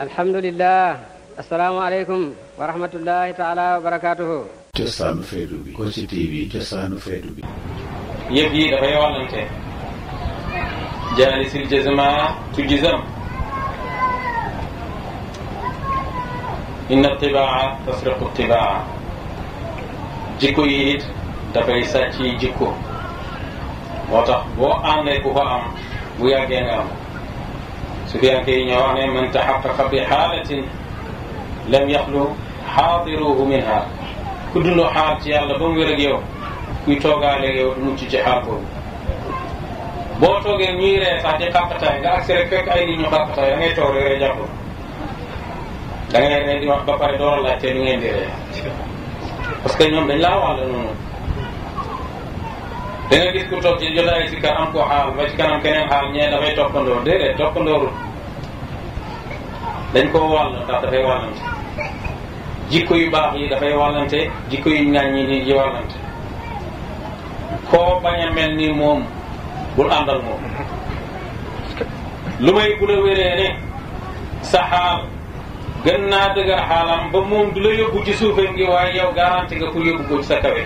alhamdulillah asalaamaaleykum wa rahmatullahi taala wa barakaatuhu cosaanu feetu bi Kossy TV cosaanu inna tibaa tasriqu tibaa jikko yi dafay sàcc jikko moo tax boo àndee ku bu yàggee nga am sufiyanke yi ñoo wax ne man taxaqaqa bi xaalatin lam yaxlu xaadiruhu minha ku dundoo xaal ci yàlla ba mu wér ak yow kuy toogaaleeg yow du mucc ci xaal boobu boo toogee ñuy ree sax di xàqataay nga agsi rek fekk ay nit ñu xàqataay da ngay toog rek rek jàpp da ngay ree di wax ba pare door a laajte lu ngeen di ree parce que ñoom dañ laa wax la da nga gis ku toog ci jotaay si ka am ko xaal ba ci kanam keneen xaal ñee dafay toppandoor déedéet toppandoorul dañ koo wàll ndax dafay wàllante jikko yu baax yi dafay wàllante jikko yu ñaan ñi ni di wàllante koo bañ a mel ni moom bul àndal moom lu may bu la wéree ne sa xaal gën naa dëgër xaalam ba moom du la yóbbu ci suufee ngi waaye yow garanti nga ko yóbbu ko sa kawe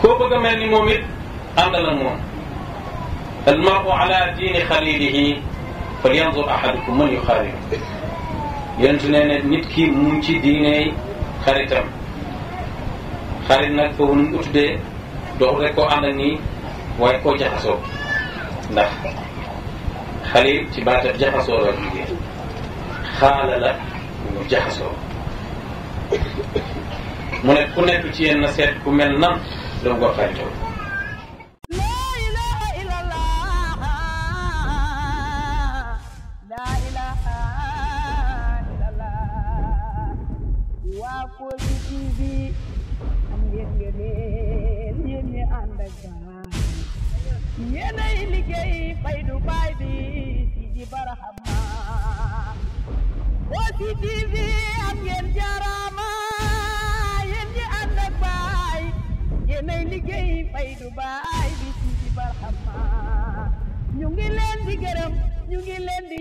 koo bëgg a mel ni moom it àndal ak moom almaru ala diini xalilihi fal yanzur ahadukum man yuxaalil yentu nee ne nit ki mu ngi ci diiney xaritam xarit nag foofu nu mu ko tuddee doxul rek koo àndal nii waaye koo jaxasoo ndax xalil ci baatab jaxasoo la jógee xaala la mu jaxasoo mu ne ku nekk ci yéen na seet ku mel nan dama ko xaritam yéenay liggéey fay du baay bi si di barahama boo si TV am ngeen jaara bay Dubaay bi ci barxama ñu ngi leen di gërëm ñu leen di